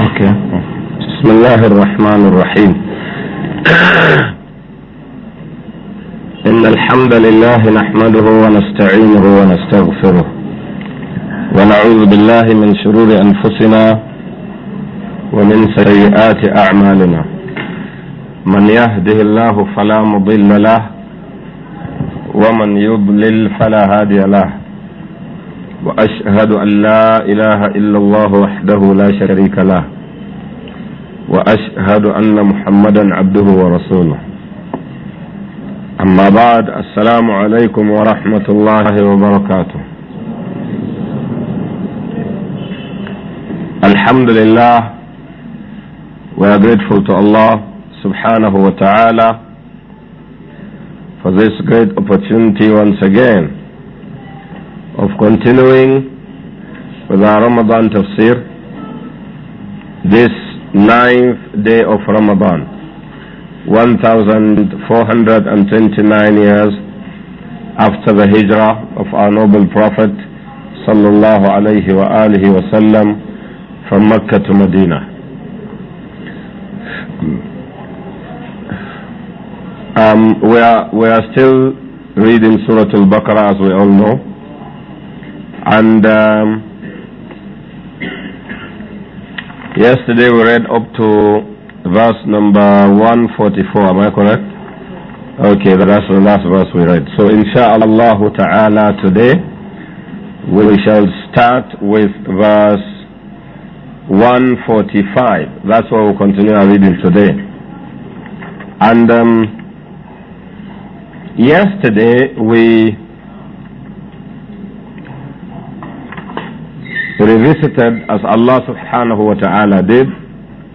اوكي بسم الله الرحمن الرحيم ان الحمد لله نحمده ونستعينه ونستغفره ونعوذ بالله من شرور انفسنا ومن سيئات اعمالنا من يهده الله فلا مضل له ومن يضلل فلا هادي له وأشهد أن لا إله إلا الله وحده لا شريك له وأشهد أن محمدا عبده ورسوله أما بعد السلام عليكم ورحمة الله وبركاته الحمد لله We are grateful to Allah subhanahu wa ta'ala for this great opportunity once again of continuing with our Ramadan tafsir this ninth day of Ramadan, 1429 years after the hijrah of our noble Prophet sallallahu alayhi wa alihi wa sallam from Mecca to Medina. Um, we, are, we are still reading Surah Al-Baqarah as we all know. And um, yesterday we read up to verse number 144, am I correct? Okay, that's the last verse we read. So insha'Allah ta'ala today we shall start with verse 145. That's what we'll continue our reading today. And um, yesterday we revisited as Allah subhanahu wa ta'ala did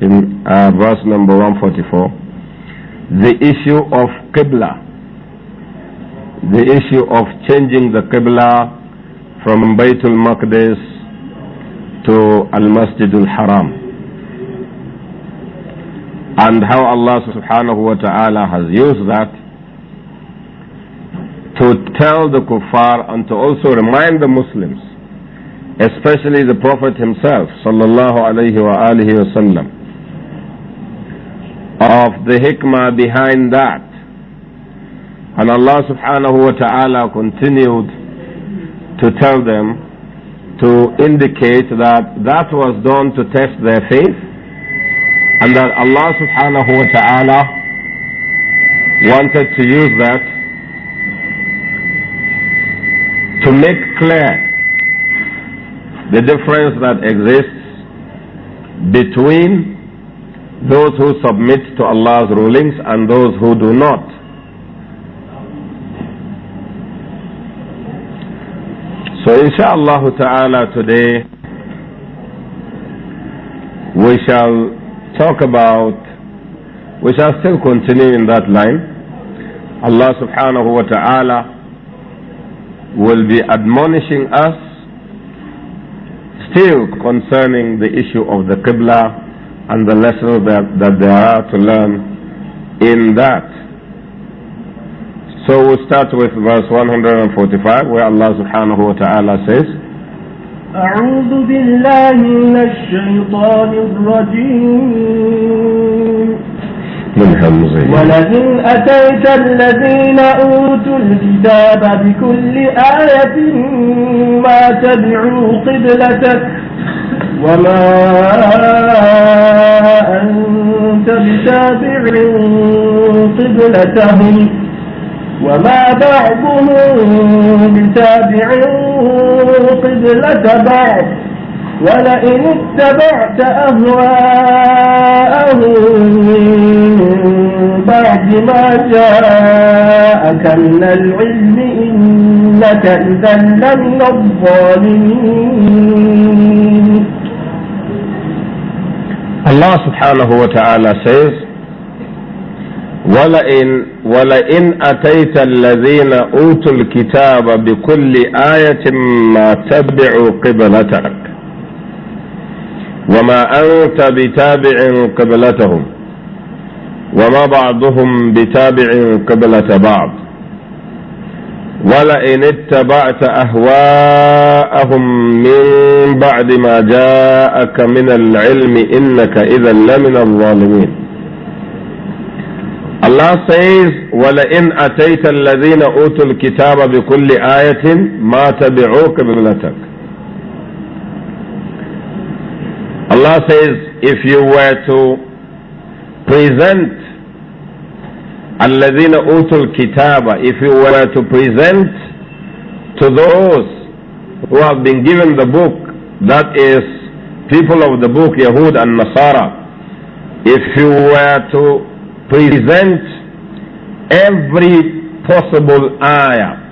in uh, verse number 144 the issue of Qibla the issue of changing the Qibla from Baytul Maqdis to Al-Masjidul Haram and how Allah subhanahu wa ta'ala has used that to tell the kuffar and to also remind the Muslims especially the Prophet himself, sallallahu alayhi wa alihi wasallam, of the hikmah behind that. And Allah subhanahu wa ta'ala continued to tell them to indicate that that was done to test their faith and that Allah subhanahu wa ta'ala wanted to use that to make clear the difference that exists between those who submit to Allah's rulings and those who do not. So insha'Allah ta'ala today we shall talk about, we shall still continue in that line. Allah subhanahu wa ta'ala will be admonishing us still concerning the issue of the Qibla and the lessons that, that there are to learn in that. So we'll start with verse 145 where Allah subhanahu wa ta'ala says, أعوذ بالله من الشيطان الرجيم من همزه ولئن أتيت الذين أوتوا الكتاب بكل آية ما تبعوا قبلتك وما أنت بتابع قبلتهم وما بعضهم بتابع قبلة بعض ولئن اتبعت أهواءهم بعد ما جاءك من العلم إنك إذا لمن الظالمين الله سبحانه وتعالى ta'ala says ولئن ولئن أتيت الذين أوتوا الكتاب بكل آية ما تبعوا قبلتك وما أنت بتابع قبلتهم وما بعضهم بتابع قبلة بعض ولئن اتبعت أهواءهم من بعد ما جاءك من العلم إنك إذا لمن الظالمين الله says ولئن أتيت الذين أوتوا الكتاب بكل آية ما تبعوا قبلتك Allah says if you were to present الَّذِينَ utul Kitaba. If you were to present to those who have been given the book, that is, people of the book, Yahud and Nasara, if you were to present every possible ayah,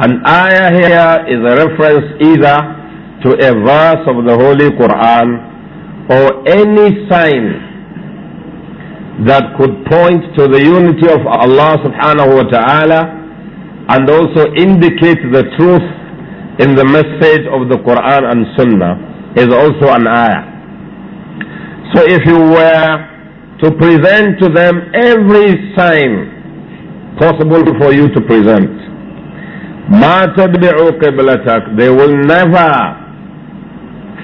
an ayah here is a reference either to a verse of the Holy Quran or any sign that could point to the unity of Allah subhanahu wa ta'ala and also indicate the truth in the message of the Quran and Sunnah is also an ayah. So if you were to present to them every sign possible for you to present, they will never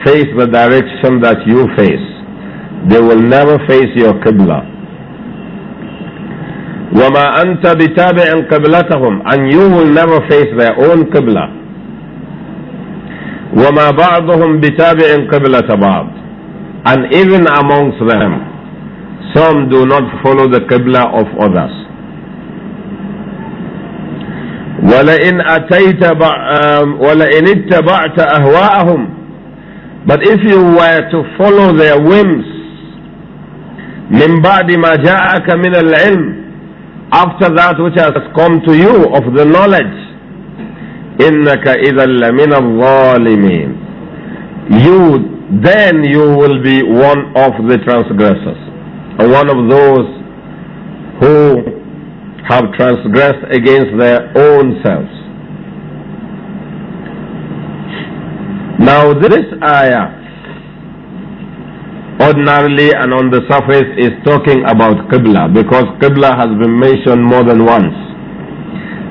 face the direction that you face they will never face your qibla وَمَا أَنْتَ بِتَابِعٍ قِبْلَتَهُمْ And you will never face their own qibla. وَمَا بَعْضُهُمْ بِتَابِعٍ قِبْلَةَ بَعْضٍ And even amongst them, some do not follow the qibla of others. وَلَئِنْ أَتَيْتَ وَلَئِنِ اتَّبَعْتَ أَهْوَاءَهُمْ But if you were to follow their whims, مِنْ بَعْدِ مَا جَاءَكَ مِنَ الْعِلْمِ after that which has come to you of the knowledge. إِنَّكَ إِذَا لَمِنَ الظَّالِمِينَ You, then you will be one of the transgressors, one of those who have transgressed against their own selves. Now this ayah ordinarily and on the surface is talking about Qibla because Qibla has been mentioned more than once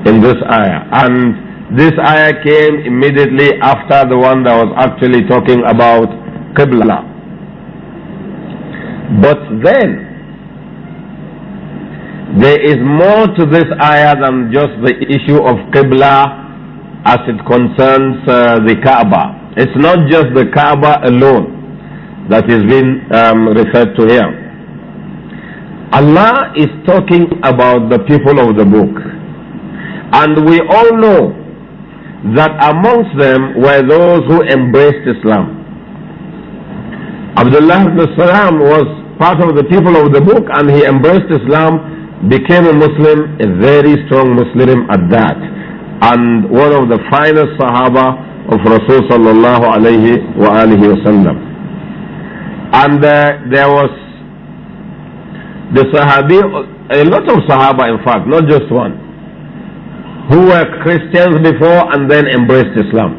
in this ayah. And this ayah came immediately after the one that was actually talking about Qibla. But then, there is more to this ayah than just the issue of Qibla as it concerns uh, the Kaaba. It's not just the Kaaba alone that is being um, referred to here. Allah is talking about the people of the book. And we all know that amongst them were those who embraced Islam. Abdullah ibn Salam was part of the people of the book and he embraced Islam, became a Muslim, a very strong Muslim at that, and one of the finest Sahaba of Rasulullah sallallahu alayhi wa alihi and uh, there was the Sahabi, a lot of Sahaba in fact, not just one, who were Christians before and then embraced Islam.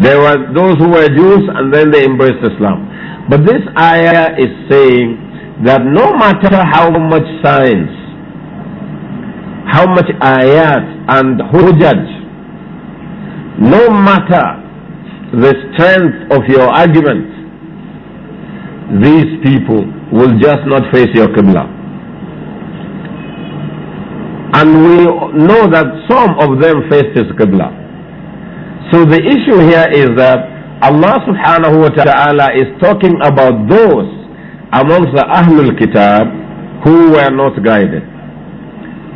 There were those who were Jews and then they embraced Islam. But this ayah is saying that no matter how much science, how much ayat and hujjaj, no matter the strength of your arguments these people will just not face your Qibla. And we know that some of them face his Qibla. So the issue here is that Allah subhanahu wa ta'ala is talking about those amongst the Ahlul Kitab who were not guided.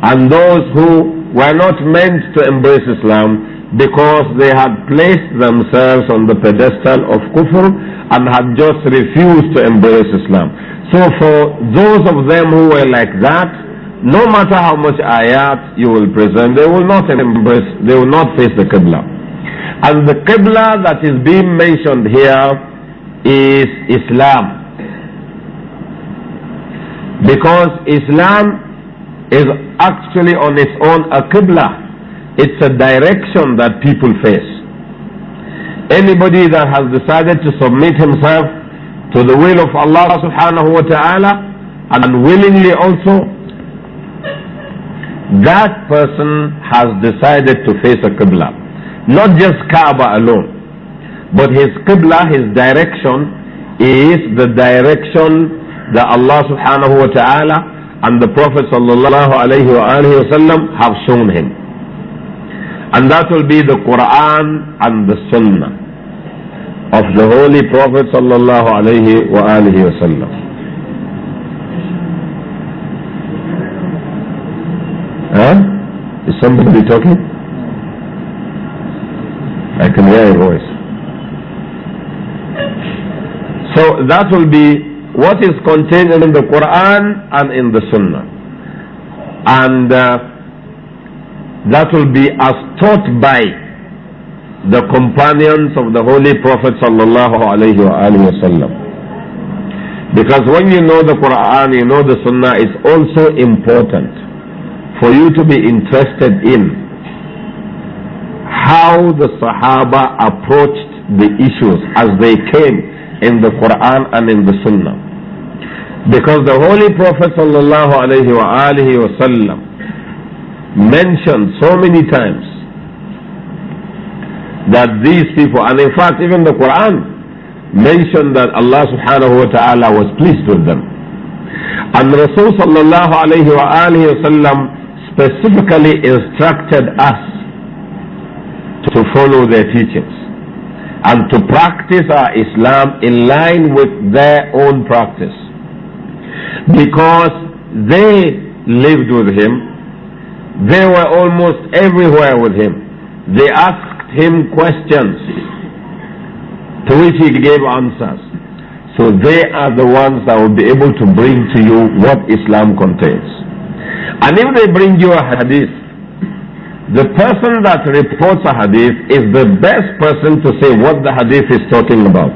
And those who were not meant to embrace Islam, because they had placed themselves on the pedestal of kufr and had just refused to embrace Islam. So for those of them who were like that, no matter how much ayat you will present, they will not embrace, they will not face the Qibla. And the Qibla that is being mentioned here is Islam. Because Islam is actually on its own a Qibla. It's a direction that people face. Anybody that has decided to submit himself to the will of Allah subhanahu wa ta'ala and unwillingly also, that person has decided to face a Qibla. Not just Kaaba alone, but his Qibla, his direction is the direction that Allah subhanahu wa ta'ala and the Prophet sallallahu alayhi wa have shown him. And that will be the Quran and the Sunnah of the Holy Prophet sallallahu alayhi wa alihi wasallam. Huh? Is somebody talking? I can hear a voice. So that will be what is contained in the Quran and in the Sunnah. And uh, that will be as taught by the companions of the Holy Prophet sallallahu Because when you know the Quran, you know the Sunnah is also important for you to be interested in how the Sahaba approached the issues as they came in the Quran and in the Sunnah. Because the Holy Prophet sallallahu alayhi wa mentioned so many times that these people, and in fact, even the Quran mentioned that Allah subhanahu wa ta'ala was pleased with them. And Rasul sallallahu alayhi wa alayhi wa specifically instructed us to follow their teachings and to practice our Islam in line with their own practice. Because they lived with him they were almost everywhere with him. They asked him questions to which he gave answers. So they are the ones that will be able to bring to you what Islam contains. And if they bring you a hadith, the person that reports a hadith is the best person to say what the hadith is talking about.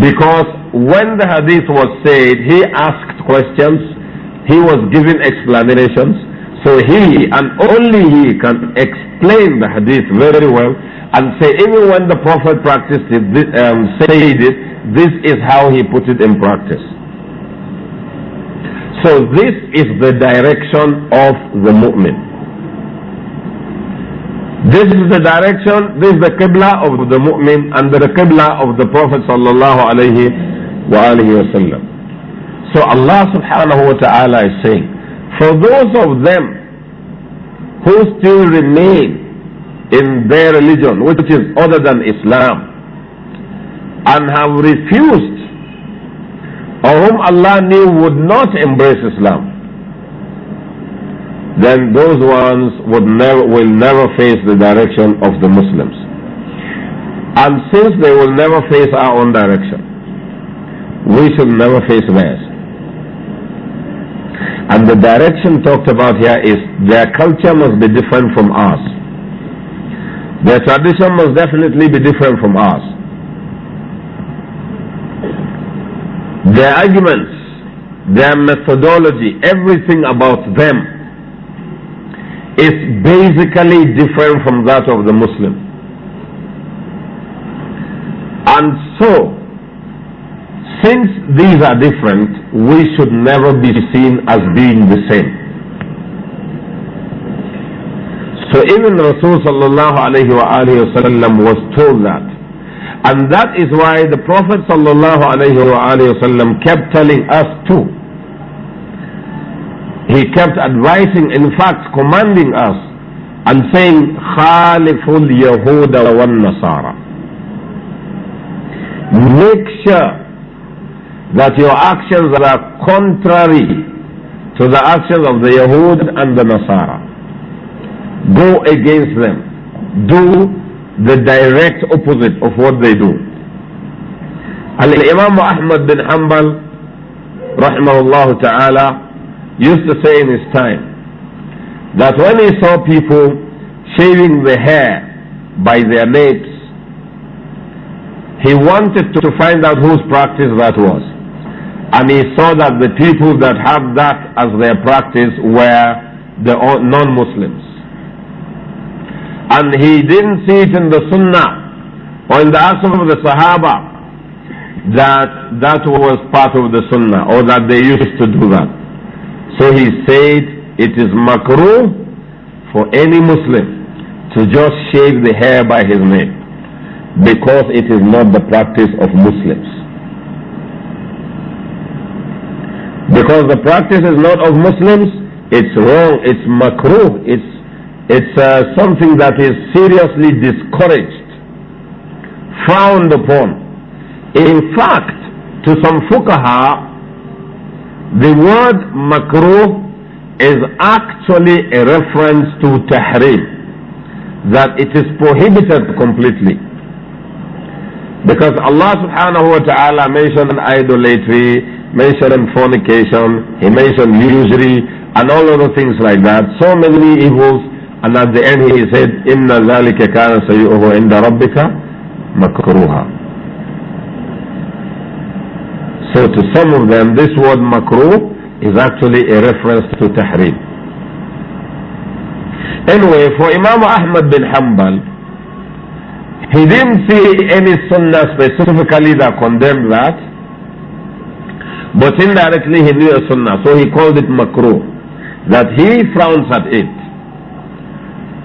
Because when the hadith was said, he asked questions, he was given explanations, so he and only he can explain the hadith very well and say even when the Prophet practiced it, this, um, said it, this is how he put it in practice. So this is the direction of the mu'min. This is the direction, this is the Qibla of the mu'min and the Qibla of the Prophet sallallahu alayhi wa wa sallam. So Allah subhanahu wa ta'ala is saying, for those of them who still remain in their religion, which is other than Islam, and have refused, or whom Allah knew would not embrace Islam, then those ones would never, will never face the direction of the Muslims. And since they will never face our own direction, we should never face theirs. And the direction talked about here is their culture must be different from ours. Their tradition must definitely be different from ours. Their arguments, their methodology, everything about them is basically different from that of the Muslim. And so, since these are different, we should never be seen as being the same. So even Rasul sallallahu alayhi wa was told that. And that is why the Prophet sallallahu alayhi wa kept telling us too. He kept advising, in fact commanding us and saying, Khaliful Yahuda wa Nasara. Make sure that your actions are contrary to the actions of the Yahud and the Nasara. Go against them. Do the direct opposite of what they do. Al-Imam Ahmad bin Hanbal, rahimahullah ta'ala, used to say in his time that when he saw people shaving the hair by their mates, he wanted to find out whose practice that was. And he saw that the people that had that as their practice were the non Muslims. And he didn't see it in the Sunnah or in the Asr of the Sahaba that that was part of the Sunnah or that they used to do that. So he said it is makruh for any Muslim to just shave the hair by his name because it is not the practice of Muslims. Because the practice is not of Muslims, it's wrong, it's makruh, it's, it's uh, something that is seriously discouraged, frowned upon. In fact, to some fuqaha, the word makruh is actually a reference to tahrim, that it is prohibited completely. Because Allah subhanahu wa ta'ala mentioned idolatry mentioned fornication, he mentioned usury, and all other things like that. So many evils, and at the end he said, "Inna ذَلِكَ كَانَ سَيُؤُهُ عِنْدَ رَبِّكَ مَكْرُوهًا So to some of them, this word makruh is actually a reference to tahrim. Anyway, for Imam Ahmad bin Hanbal, he didn't see any sunnah specifically that condemned that. But indirectly he knew a sunnah, so he called it makruh. That he frowns at it.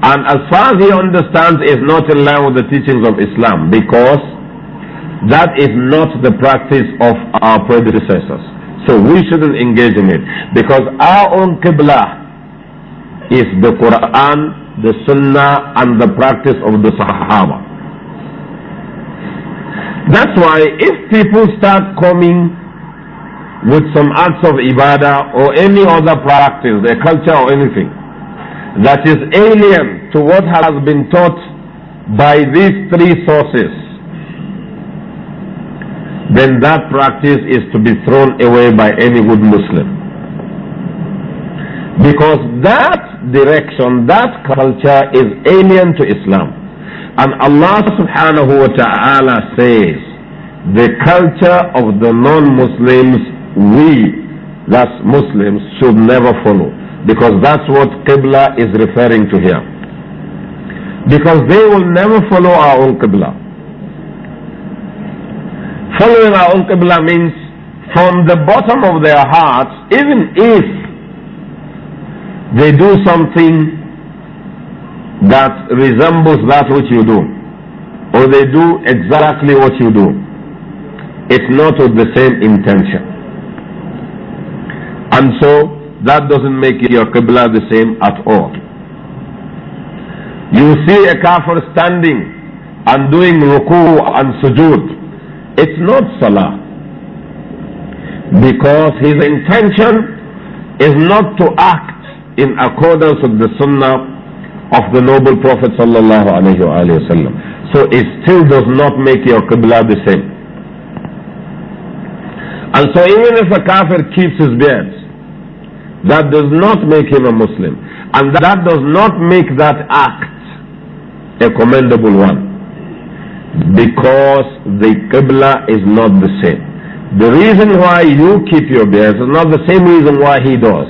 And as far as he understands, is not in line with the teachings of Islam because that is not the practice of our predecessors. So we shouldn't engage in it because our own Qibla is the Quran, the Sunnah, and the practice of the Sahaba. That's why if people start coming with some acts of ibadah or any other practice, a culture or anything that is alien to what has been taught by these three sources, then that practice is to be thrown away by any good Muslim. Because that direction, that culture is alien to Islam. And Allah subhanahu wa ta'ala says, the culture of the non-Muslims we, that's Muslims, should never follow. Because that's what Qibla is referring to here. Because they will never follow our own Qibla. Following our own Qibla means from the bottom of their hearts, even if they do something that resembles that which you do, or they do exactly what you do, it's not with the same intention. And so that doesn't make your Qibla the same at all. You see a kafir standing and doing ruku and sujood. It's not salah. Because his intention is not to act in accordance with the sunnah of the noble Prophet sallallahu alayhi wa So it still does not make your Qibla the same. And so even if a kafir keeps his beard, that does not make him a Muslim. And that does not make that act a commendable one. Because the Qibla is not the same. The reason why you keep your beard is not the same reason why he does.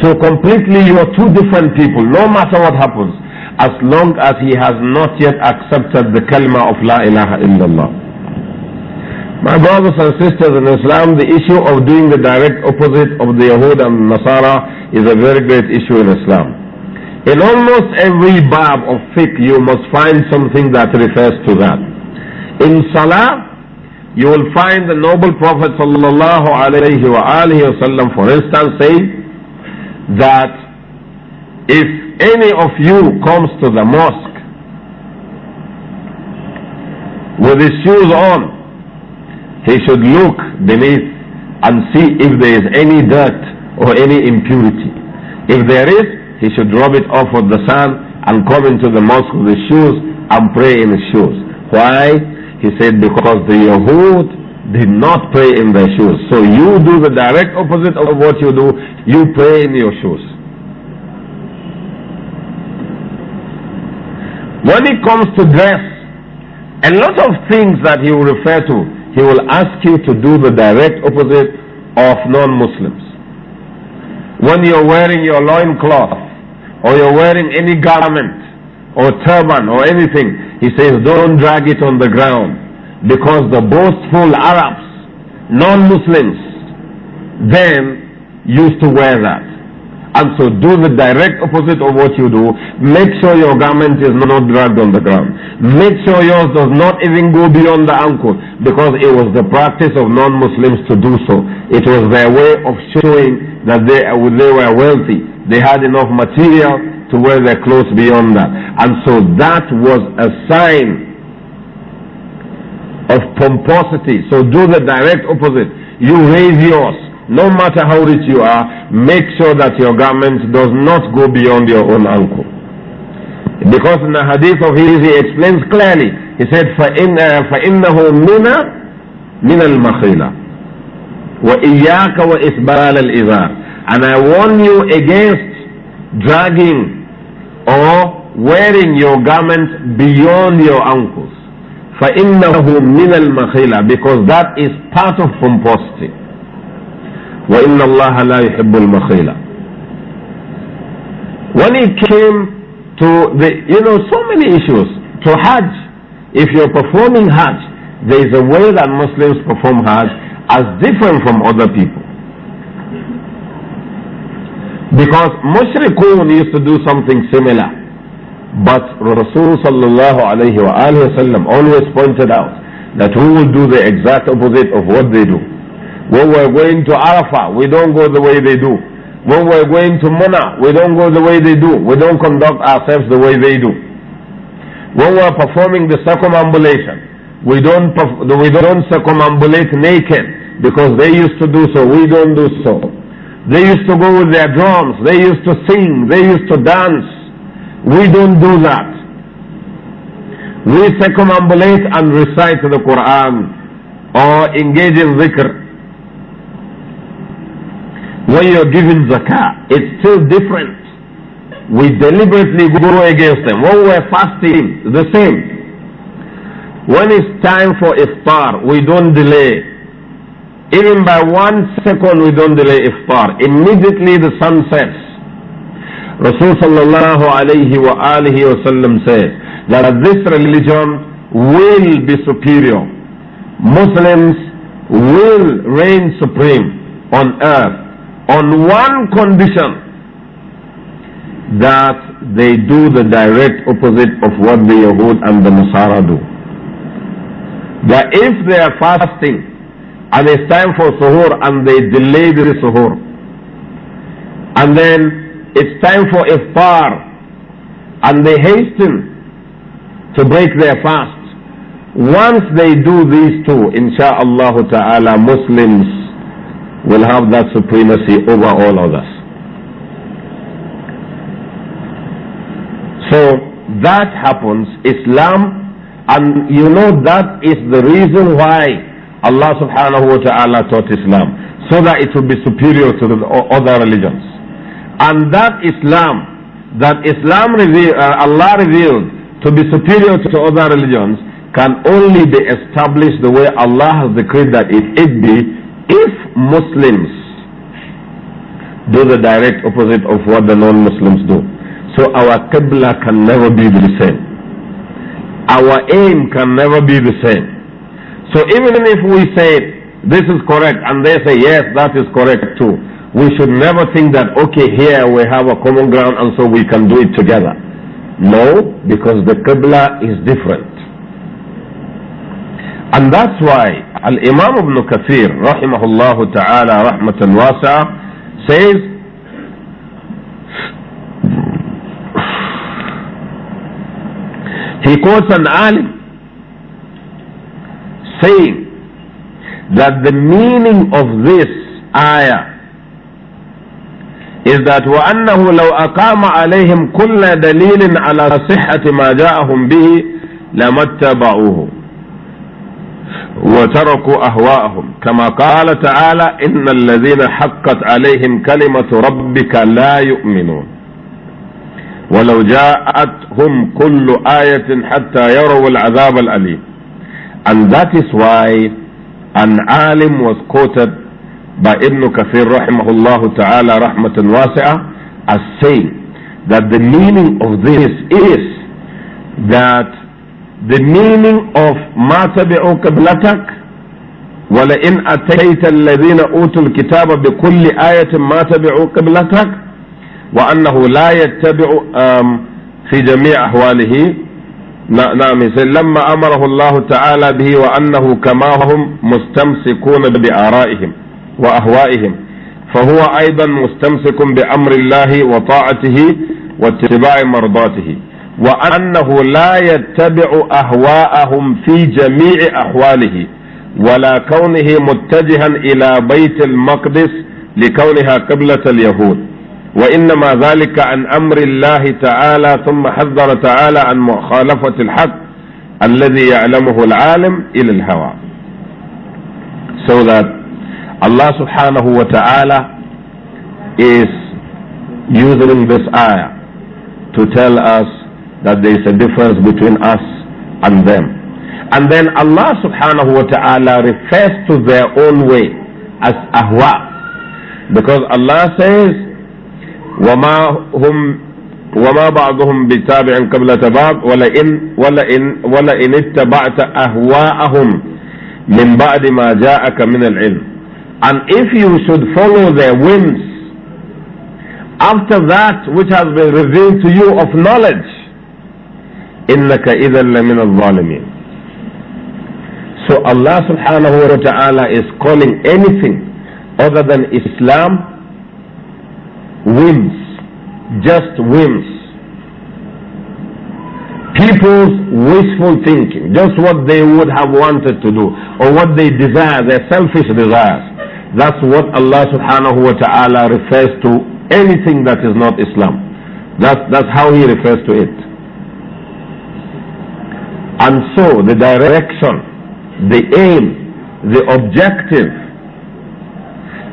So completely you are two different people, no matter what happens, as long as he has not yet accepted the kalima of La ilaha illallah. My brothers and sisters in Islam, the issue of doing the direct opposite of the Yahud and Nasara is a very great issue in Islam. In almost every bab of fiqh, you must find something that refers to that. In Salah, you will find the noble Prophet sallallahu alaihi wasallam, for instance, saying that if any of you comes to the mosque with his shoes on, he should look beneath and see if there is any dirt or any impurity. If there is, he should rub it off with the sand and come into the mosque with his shoes and pray in his shoes. Why? He said, because the Yahud did not pray in their shoes. So you do the direct opposite of what you do. You pray in your shoes. When it comes to dress, a lot of things that he will refer to he will ask you to do the direct opposite of non-Muslims. When you're wearing your loincloth, or you're wearing any garment, or turban, or anything, he says, don't drag it on the ground, because the boastful Arabs, non-Muslims, then used to wear that. And so do the direct opposite of what you do. Make sure your garment is not dragged on the ground. Make sure yours does not even go beyond the ankle because it was the practice of non-Muslims to do so. It was their way of showing that they, they were wealthy. They had enough material to wear their clothes beyond that. And so that was a sign of pomposity. So do the direct opposite. You raise yours no matter how rich you are, make sure that your garment does not go beyond your own ankle. Because in the hadith of his, he explains clearly. He said, فَإِنَّهُ مِنَ مِنَ الْمَخِيلَةِ وَإِيَّاكَ وَإِسْبَالَ الْإِذَارِ And I warn you against dragging or wearing your garment beyond your ankles. فَإِنَّهُ مِنَ الْمَخِيلَةِ Because that is part of pomposity. وَإِنَّ اللَّهَ لَا يُحِبُّ When it came to the, you know, so many issues, to Hajj, if you're performing Hajj, there is a way that Muslims perform Hajj as different from other people. Because mushrikun used to do something similar. But Rasulullah sallallahu alayhi wa always pointed out that we will do the exact opposite of what they do. When we're going to Arafah, we don't go the way they do. When we're going to Mina, we don't go the way they do. We don't conduct ourselves the way they do. When we're performing the circumambulation, we don't, we don't circumambulate naked because they used to do so, we don't do so. They used to go with their drums, they used to sing, they used to dance. We don't do that. We circumambulate and recite the Quran or engage in zikr when you're giving zakah, it's still different. We deliberately go against them. When we're fasting, the same. When it's time for iftar, we don't delay. Even by one second, we don't delay iftar. Immediately the sun sets. Rasul sallallahu alayhi wa alihi wasallam says that this religion will be superior. Muslims will reign supreme on earth on one condition that they do the direct opposite of what the Yahud and the Nasara do. That if they are fasting and it's time for suhoor and they delay the suhoor, and then it's time for iftar and they hasten to break their fast, once they do these two, insha'Allah ta'ala, Muslims will have that supremacy over all others. So that happens. Islam, and you know that is the reason why Allah subhanahu wa ta'ala taught Islam, so that it would be superior to the other religions. And that Islam, that Islam reveal, uh, Allah revealed to be superior to other religions, can only be established the way Allah has decreed that it, it be if Muslims do the direct opposite of what the non-Muslims do, so our Qibla can never be the same. Our aim can never be the same. So even if we say this is correct and they say yes, that is correct too, we should never think that okay, here we have a common ground and so we can do it together. No, because the Qibla is different. And that's why الإمام ابن كثير رحمه الله تعالى رحمة واسعة says he quotes an alim saying that the meaning of this ayah is that وأنه لو أقام عليهم كل دليل على صحة ما جاءهم به لما اتبعوه وتركوا اهواءهم كما قال تعالى ان الذين حقت عليهم كلمه ربك لا يؤمنون ولو جاءتهم كل آية حتى يروا العذاب الأليم. And that is why an alim was quoted by Ibn Kathir رحمه الله تعالى رحمة واسعة as saying that the meaning of this is that the meaning of ما تبعوا قبلتك ولئن أتيت الذين أوتوا الكتاب بكل آية ما تبعوا قبلتك وأنه لا يتبع في جميع أحواله نعم لما أمره الله تعالى به وأنه كما هم مستمسكون بآرائهم وأهوائهم فهو أيضا مستمسك بأمر الله وطاعته واتباع مرضاته وأنه لا يتبع أهواءهم في جميع أحواله ولا كونه متجها إلى بيت المقدس لكونها قبلة اليهود وإنما ذلك عن أمر الله تعالى ثم حذر تعالى عن مخالفة الحق الذي يعلمه العالم إلى الهوى so that Allah subhanahu wa ta'ala is using this ayah to tell us that there is a difference between us and them. And then Allah subhanahu wa ta'ala refers to their own way as ahwa. Because Allah says, وَمَا هُمْ وما بعضهم بتابع قبل تباب ولئن ولئن ولئن اتبعت اهواءهم من بعد ما جاءك من العلم and if you should follow their whims after that which has been revealed to you of knowledge إِنَّكَ إِذًا لَمِنَ الظَّالِمِينَ So Allah subhanahu wa ta'ala is calling anything other than Islam whims, just whims. People's wishful thinking, just what they would have wanted to do or what they desire, their selfish desires. That's what Allah subhanahu wa ta'ala refers to anything that is not Islam. That's, that's how He refers to it. And so the direction, the aim, the objective,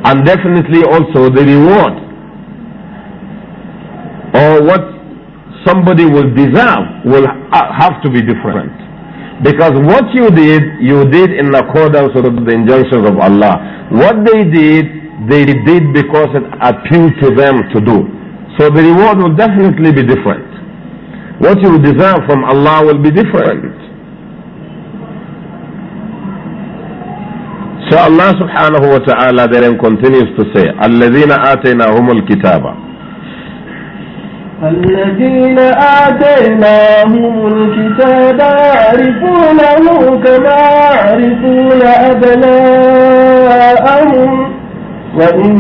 and definitely also the reward, or what somebody will deserve, will have to be different. Because what you did, you did in accordance with the injunctions of Allah. What they did, they did because it appealed to them to do. So the reward will definitely be different. what you deserve from Allah will be different. So Allah subhanahu wa ta'ala then continues to say, الَّذِينَ آتَيْنَاهُمُ الْكِتَابَ الذين آتيناهم الكتاب يعرفونه كما يعرفون أبناءهم وإن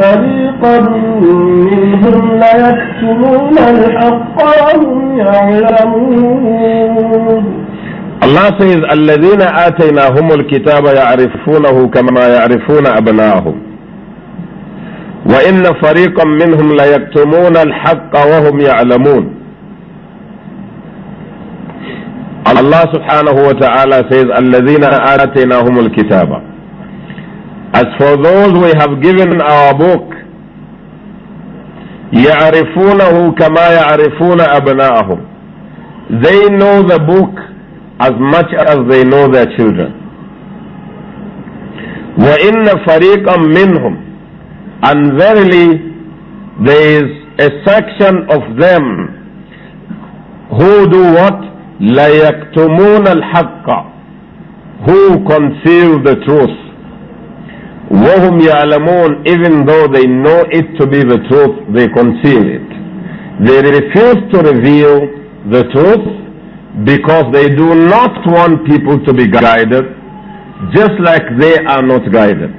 فريقا منهم ليكتمون الحق وهم يعلمون الله سيد الذين آتيناهم الكتاب يعرفونه كما يعرفون أبناءهم وإن فريقا منهم ليكتمون الحق وهم يعلمون الله سبحانه وتعالى سيد الذين آتيناهم الكتاب As for those we have given our book, يعرفونه كما يعرفون أبناءهم They know the book as much as they know their children. وَإِنَّ فَرِيقًا مِّنْهُمْ And verily there is a section of them who do what? لَيَكْتُمُونَ الْحَقَّ Who conceal the truth. وَهُمْ يَعْلَمُونَ Even though they know it to be the truth, they conceal it. They refuse to reveal the truth because they do not want people to be guided just like they are not guided.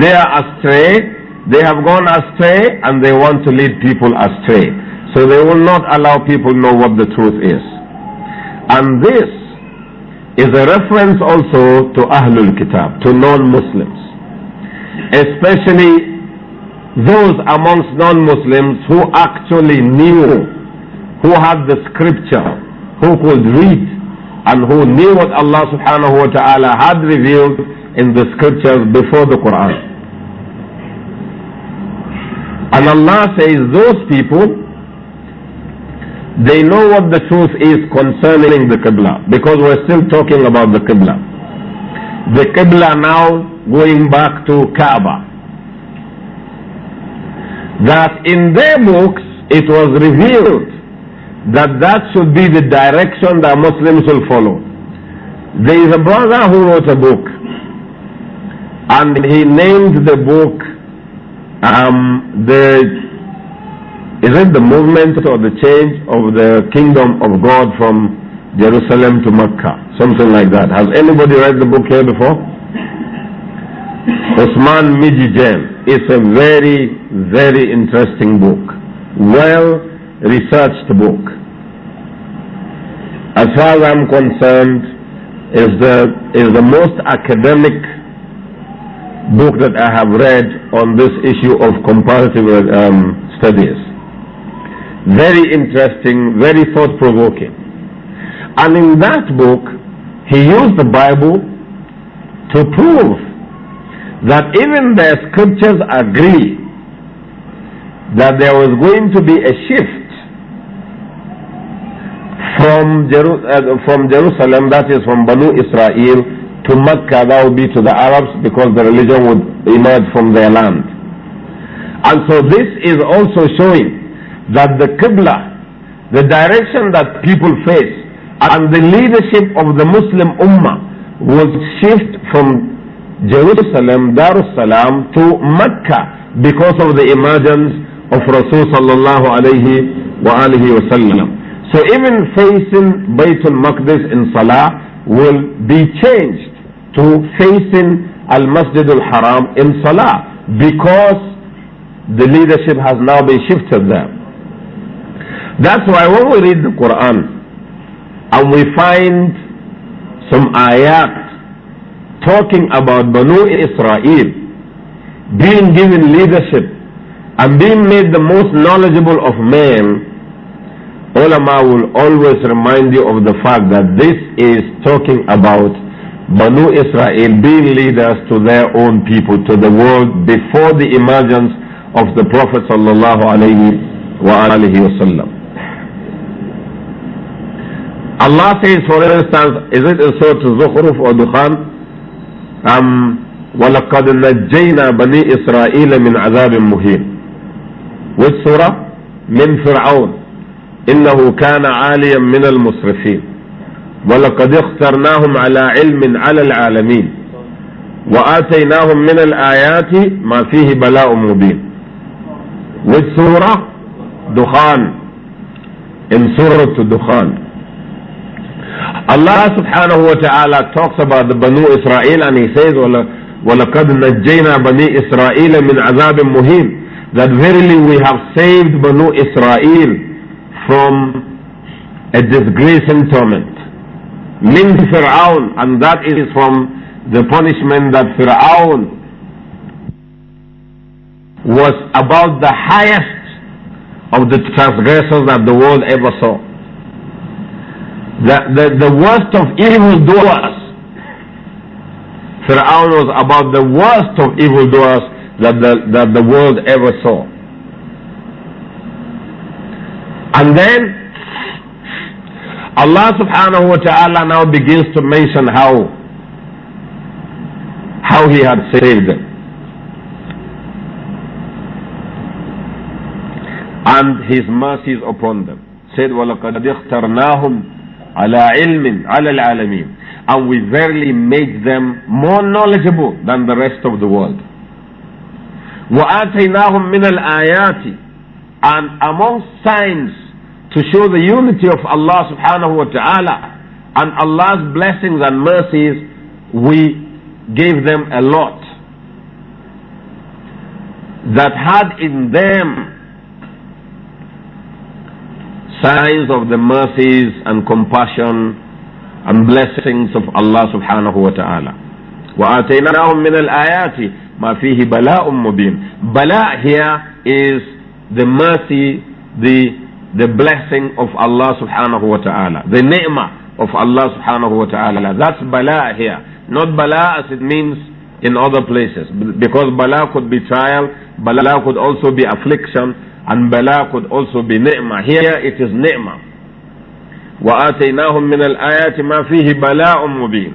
They are astray, they have gone astray and they want to lead people astray. So they will not allow people know what the truth is. And this is a reference also to Ahlul Kitab, to non-Muslims, especially those amongst non-Muslims who actually knew, who had the scripture, who could read, and who knew what Allah subhanahu wa ta'ala had revealed in the scriptures before the Quran. And Allah says those people they know what the truth is concerning the Qibla because we're still talking about the Qibla. The Qibla now going back to Kaaba. That in their books it was revealed that that should be the direction that Muslims will follow. There is a brother who wrote a book and he named the book um, the is it the movement or the change of the kingdom of God from Jerusalem to Mecca? Something like that. Has anybody read the book here before? Osman Mijijem. It's a very, very interesting book. Well researched book. As far as I'm concerned, is the, is the most academic book that I have read on this issue of comparative um, studies. Very interesting, very thought provoking. And in that book, he used the Bible to prove that even the scriptures agree that there was going to be a shift from, Jeru uh, from Jerusalem, that is from Banu Israel, to Mecca, that would be to the Arabs because the religion would emerge from their land. And so this is also showing that the Qibla, the direction that people face, and the leadership of the Muslim Ummah will shift from Jerusalem, Darussalam to Mecca because of the emergence of Rasulullah sallallahu wasallam. So even facing Baytul Maqdis in Salah will be changed to facing Al Masjid Al Haram in Salah because the leadership has now been shifted there. That's why when we read the Quran and we find some ayat talking about Banu Israel being given leadership and being made the most knowledgeable of men, ulama will always remind you of the fact that this is talking about Banu Israel being leaders to their own people, to the world before the emergence of the Prophet sallallahu alaihi wasallam. Allah says, for instance, is it in Surah Zukhruf or Dukhan? Um, وَلَقَدْ نَجَّيْنَا بَنِي إِسْرَائِيلَ مِنْ عَذَابٍ مُهِينٍ Which surah? من فرعون إنه كان عاليا من المسرفين ولقد اخترناهم على علم على العالمين وآتيناهم من الآيات ما فيه بلاء مبين والسورة دخان إن سورة دخان Allah subhanahu wa ta'ala talks about the Banu Israel and he says, وَلَقَدْ نَجَّيْنَا بَنِي إِسْرَائِيلَ مِنْ عَذَابٍ مُهِيمٍ That verily we have saved Banu Israel from a disgrace and torment. Min Fir'aun, and that is from the punishment that Fir'aun was about the highest of the transgressors that the world ever saw. The, the, the worst of evildoers. Fir'aun was about the worst of evildoers that the, that the world ever saw. And then Allah subhanahu wa ta'ala now begins to mention how how he had saved them. And his mercies upon them. Said, وَلَقَدْ اخْتَرْنَاهُمْ ala ilmin ala alamin and we verily made them more knowledgeable than the rest of the world وآتيناهم من الآيات and among signs to show the unity of Allah subhanahu wa ta'ala and Allah's blessings and mercies we gave them a lot that had in them signs of the mercies and compassion and blessings of Allah subhanahu wa ta'ala. وَآتَيْنَاهُمْ مِنَ الْآيَاتِ مَا فِيهِ بَلَاءٌ مُبِينٌ Bala here is the mercy, the, the blessing of Allah subhanahu wa ta'ala, the ni'mah of Allah subhanahu wa ta'ala. That's bala here. Not bala as it means in other places. Because bala could be trial, bala could also be affliction, and bala could also be ni'mah. Here it is ni'mah. وآتيناهم من الآيات ما فيه بلاء مبين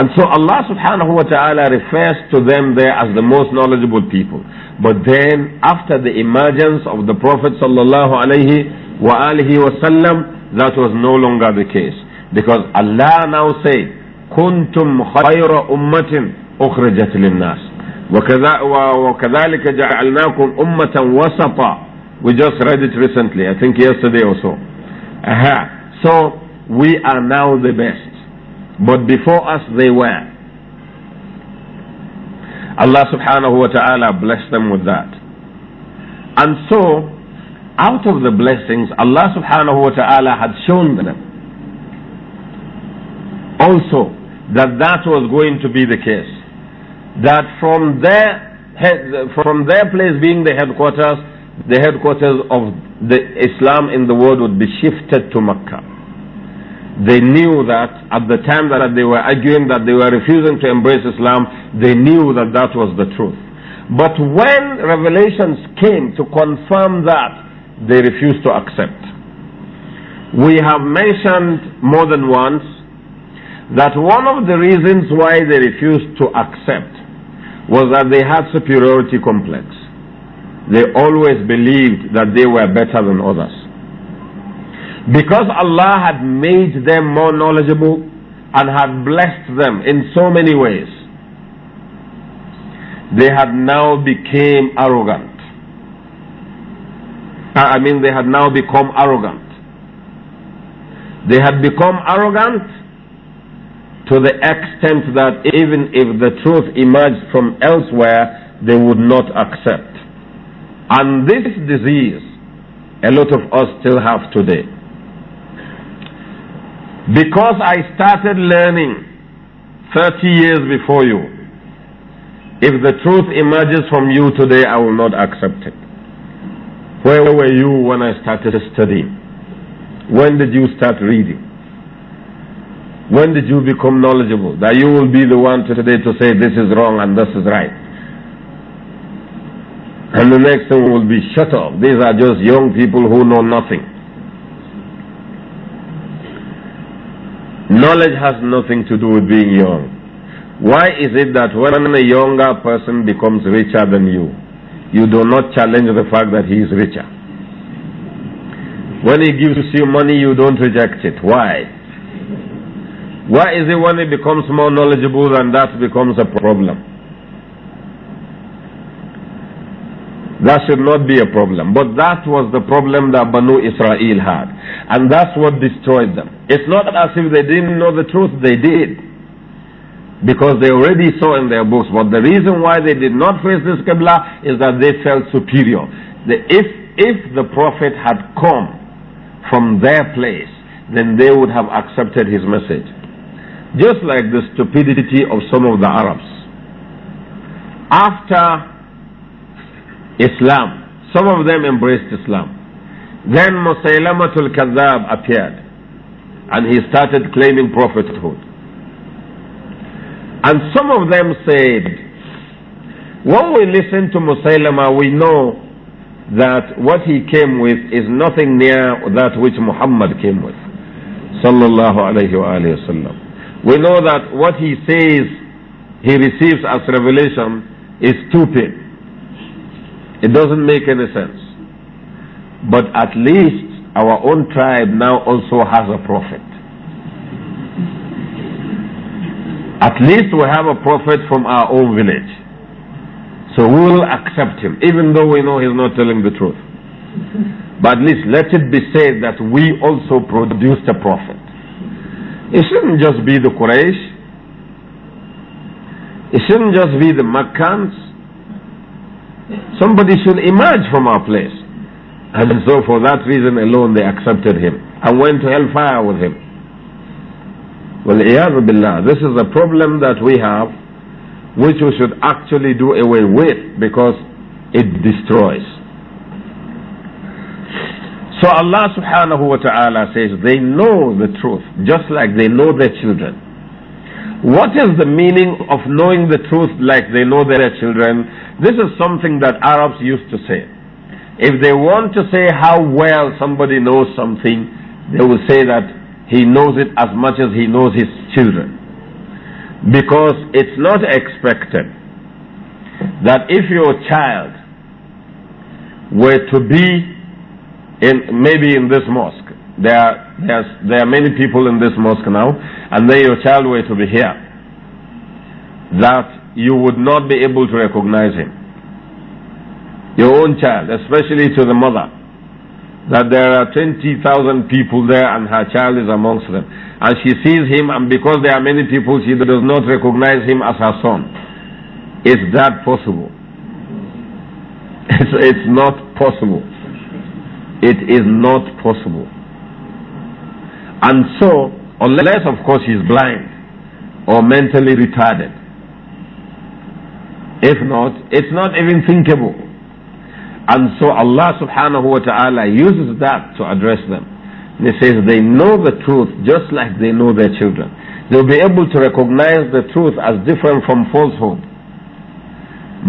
And so Allah subhanahu wa ta'ala refers to them there as the most knowledgeable people. But then after the emergence of the Prophet sallallahu alayhi wa alihi wasallam, that was no longer the case. Because Allah now said, كنتم خير أمة أخرجت للناس وكذلك جعلناكم أمة وسطا we just read it recently I think yesterday or so Aha. so we are now the best but before us they were Allah subhanahu wa ta'ala blessed them with that and so out of the blessings Allah subhanahu wa ta'ala had shown them also that that was going to be the case that from their, from their place being the headquarters, the headquarters of the Islam in the world would be shifted to Mecca. They knew that at the time that they were arguing that they were refusing to embrace Islam, they knew that that was the truth. But when revelations came to confirm that, they refused to accept. We have mentioned more than once that one of the reasons why they refused to accept was that they had superiority complex. They always believed that they were better than others. Because Allah had made them more knowledgeable and had blessed them in so many ways, they had now became arrogant. I mean, they had now become arrogant. They had become arrogant to the extent that even if the truth emerged from elsewhere, they would not accept. And this disease, a lot of us still have today. Because I started learning 30 years before you, if the truth emerges from you today, I will not accept it. Where were you when I started studying? When did you start reading? When did you become knowledgeable? That you will be the one today to say this is wrong and this is right. And the next thing will be shut up. These are just young people who know nothing. Knowledge has nothing to do with being young. Why is it that when a younger person becomes richer than you, you do not challenge the fact that he is richer? When he gives you money, you don't reject it. Why? Why is it when it becomes more knowledgeable than that becomes a problem? That should not be a problem. But that was the problem that Banu Israel had. And that's what destroyed them. It's not as if they didn't know the truth, they did. Because they already saw in their books. But the reason why they did not face this Qibla is that they felt superior. The, if, if the Prophet had come from their place, then they would have accepted his message. Just like the stupidity of some of the Arabs. After Islam, some of them embraced Islam. Then al Kadhab appeared and he started claiming prophethood. And some of them said, when we listen to Musaylamah, we know that what he came with is nothing near that which Muhammad came with. Sallallahu alayhi wa sallam. We know that what he says he receives as revelation is stupid. It doesn't make any sense. But at least our own tribe now also has a prophet. At least we have a prophet from our own village. So we will accept him, even though we know he's not telling the truth. But at least let it be said that we also produced a prophet. It shouldn't just be the Quraysh. It shouldn't just be the Makkans. Somebody should emerge from our place. And so for that reason alone they accepted him and went to hellfire with him. Well, billah, this is a problem that we have which we should actually do away with because it destroys. So Allah subhanahu wa ta'ala says they know the truth just like they know their children. What is the meaning of knowing the truth like they know their children? This is something that Arabs used to say. If they want to say how well somebody knows something, they will say that he knows it as much as he knows his children. Because it's not expected that if your child were to be in, maybe in this mosque. There are, there are many people in this mosque now, and then your child were to be here, that you would not be able to recognize him. Your own child, especially to the mother, that there are 20,000 people there and her child is amongst them. And she sees him, and because there are many people, she does not recognize him as her son. Is that possible? It's, it's not possible. It is not possible. And so, unless of course he's blind or mentally retarded, if not, it's not even thinkable. And so Allah subhanahu wa ta'ala uses that to address them. He says they know the truth just like they know their children. They'll be able to recognize the truth as different from falsehood.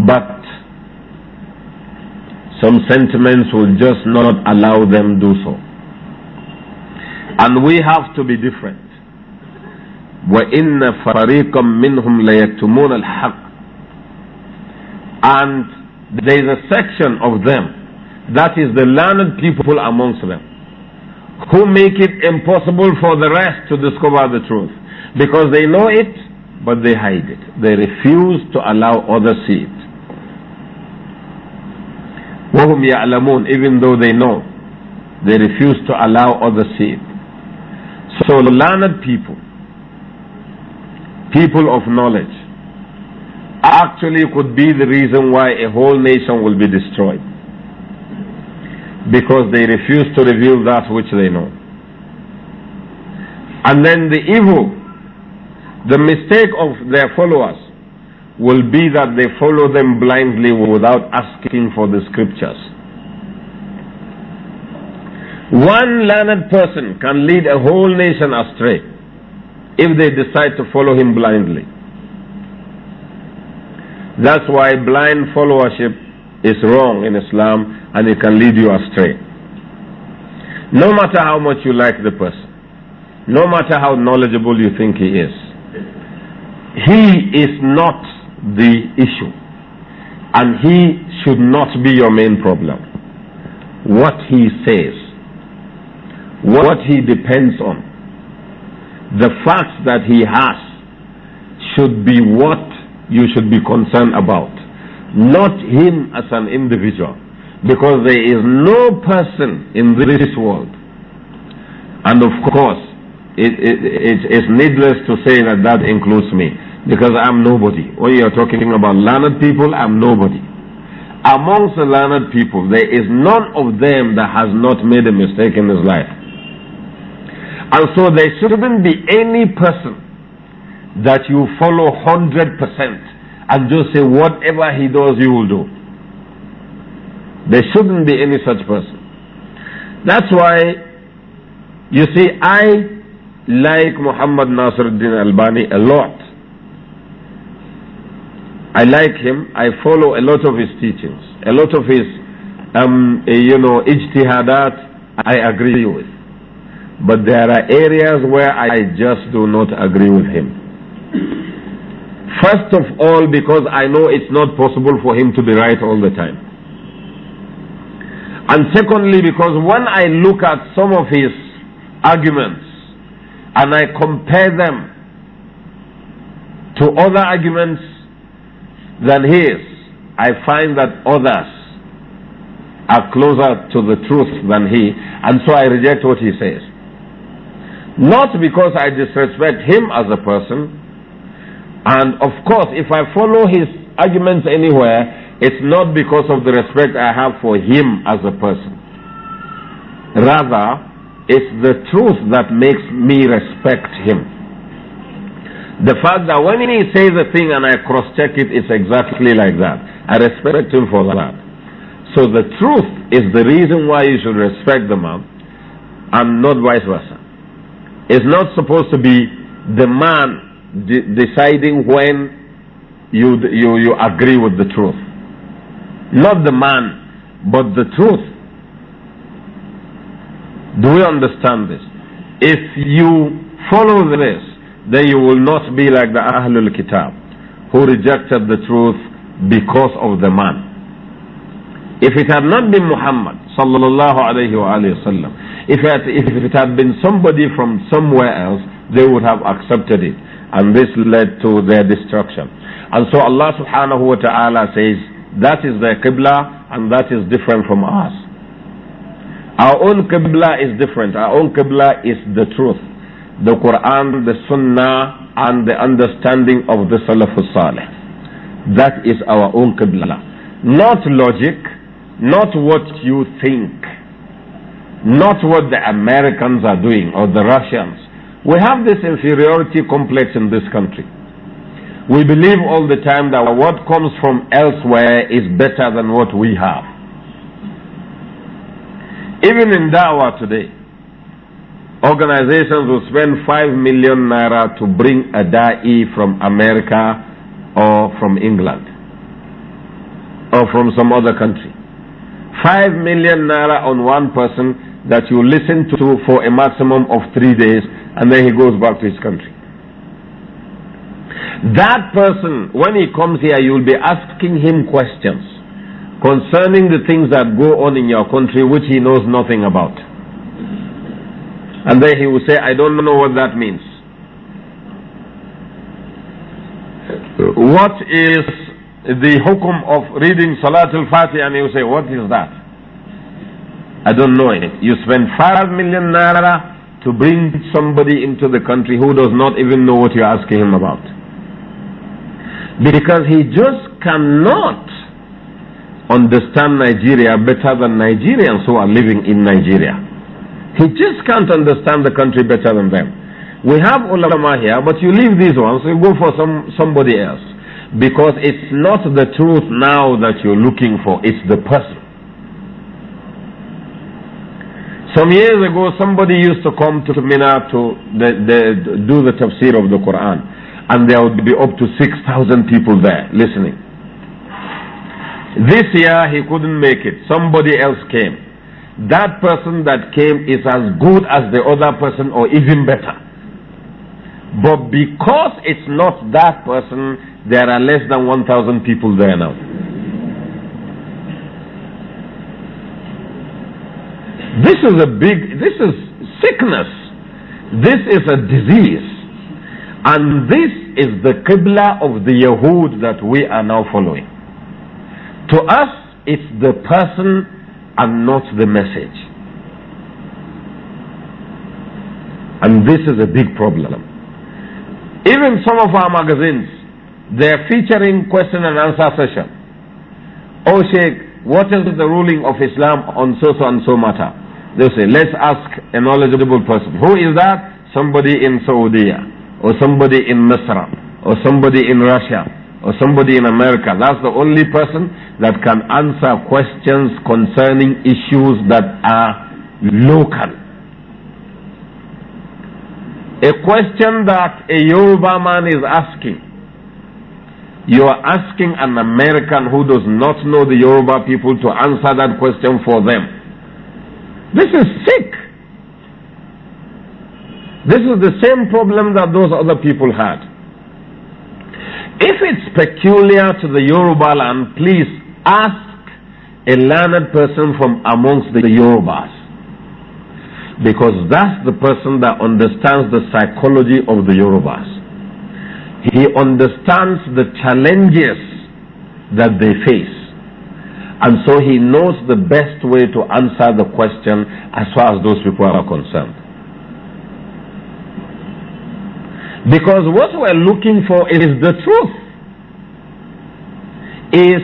But some sentiments will just not allow them do so. And we have to be different. وَإِنَّ فَرِيقًا مِّنْهُمْ لَيَكْتُمُونَ الْحَقِّ And there is a section of them, that is the learned people amongst them, who make it impossible for the rest to discover the truth. Because they know it, but they hide it. They refuse to allow others see it. وَهُمْ يَعْلَمُونَ Even though they know, they refuse to allow others see it. So learned people, people of knowledge, actually could be the reason why a whole nation will be destroyed. Because they refuse to reveal that which they know. And then the evil, the mistake of their followers will be that they follow them blindly without asking for the scriptures. One learned person can lead a whole nation astray if they decide to follow him blindly. That's why blind followership is wrong in Islam and it can lead you astray. No matter how much you like the person, no matter how knowledgeable you think he is, he is not the issue. And he should not be your main problem. What he says, what he depends on, the facts that he has should be what you should be concerned about, not him as an individual. Because there is no person in this world, and of course, it, it, it, it's needless to say that that includes me because I'm nobody. When you're talking about learned people, I'm nobody. Amongst the learned people, there is none of them that has not made a mistake in his life. And so there shouldn't be any person that you follow 100% and just say whatever he does, you will do. There shouldn't be any such person. That's why, you see, I like Muhammad Nasruddin Albani a lot. I like him. I follow a lot of his teachings, a lot of his, um, eh, you know, ijtihadat. I agree with, but there are areas where I just do not agree with him. First of all, because I know it's not possible for him to be right all the time, and secondly, because when I look at some of his arguments and I compare them to other arguments than his, I find that others are closer to the truth than he, and so I reject what he says. Not because I disrespect him as a person, and of course, if I follow his arguments anywhere, it's not because of the respect I have for him as a person. Rather, it's the truth that makes me respect him. The fact that when he says a thing and I cross check it, it's exactly like that. I respect him for that. So the truth is the reason why you should respect the man and not vice versa. It's not supposed to be the man de deciding when you, you, you agree with the truth. Not the man, but the truth. Do we understand this? If you follow this, then you will not be like the Ahlul Kitab who rejected the truth because of the man. If it had not been Muhammad sallallahu alayhi wa sallam, if it had been somebody from somewhere else, they would have accepted it. And this led to their destruction. And so Allah subhanahu wa ta'ala says, that is their Qibla and that is different from us. Our own Qibla is different. Our own Qibla is the truth the Quran, the Sunnah, and the understanding of the Salafus Saleh. That is our own Qibla. Not logic, not what you think, not what the Americans are doing or the Russians. We have this inferiority complex in this country. We believe all the time that what comes from elsewhere is better than what we have. Even in Dawah today, organizations will spend 5 million naira to bring a da'i from America or from England or from some other country. 5 million naira on one person that you listen to for a maximum of three days and then he goes back to his country. That person, when he comes here, you'll be asking him questions concerning the things that go on in your country which he knows nothing about. And then he will say, I don't know what that means. What is the hukum of reading Salatul Fatih? And he will say, what is that? I don't know it. You spend 5 million naira to bring somebody into the country who does not even know what you're asking him about. Because he just cannot understand Nigeria better than Nigerians who are living in Nigeria. He just can't understand the country better than them. We have ulama here, but you leave these ones, you go for some, somebody else. Because it's not the truth now that you're looking for, it's the person. Some years ago, somebody used to come to Mina to the, the, do the tafsir of the Quran, and there would be up to 6,000 people there listening. This year, he couldn't make it. Somebody else came that person that came is as good as the other person or even better. But because it's not that person, there are less than 1,000 people there now. This is a big, this is sickness. This is a disease. And this is the Qibla of the Yahud that we are now following. To us, it's the person and not the message. And this is a big problem. Even some of our magazines, they're featuring question and answer session. Oh Sheikh, what is the ruling of Islam on so so and so matter? They say, let's ask a knowledgeable person. Who is that? Somebody in Saudi or somebody in Misra or somebody in Russia or somebody in America. That's the only person that can answer questions concerning issues that are local. A question that a Yoruba man is asking, you are asking an American who does not know the Yoruba people to answer that question for them. This is sick. This is the same problem that those other people had. If it's peculiar to the Yoruba land, please ask a learned person from amongst the Yorubas. Because that's the person that understands the psychology of the Yorubas. He understands the challenges that they face. And so he knows the best way to answer the question as far as those people are concerned. Because what we're looking for is the truth. Is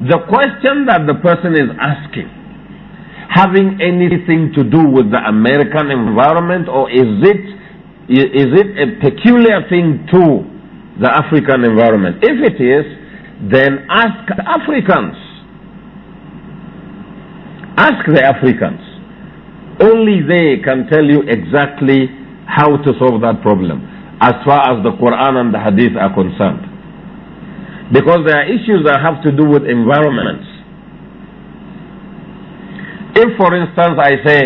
the question that the person is asking having anything to do with the American environment or is it is it a peculiar thing to the African environment? If it is, then ask Africans. Ask the Africans. Only they can tell you exactly how to solve that problem as far as the Quran and the Hadith are concerned. Because there are issues that have to do with environments. If, for instance, I say,